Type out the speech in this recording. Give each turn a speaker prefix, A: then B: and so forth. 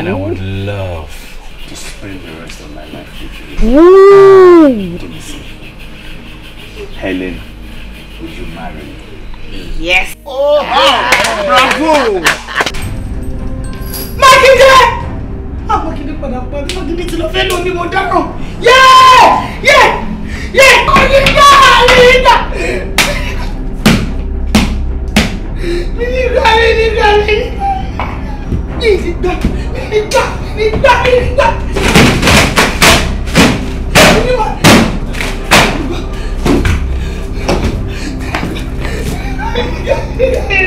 A: And I would love to spend the rest of my life with
B: you. Woo!
C: Helen,
D: would you marry me? Yes. Oh, wow. Ah, bravo!
E: Makinde! Ah, Makinde padà padà yeah, yeah, yeah. fẹ́ lọ ní mo dáràn. Yẹ́! Yẹ́! you Oyinka! Oyinka!
F: Oyinka! Oyinka! Oyinka! ìgbà Yeah.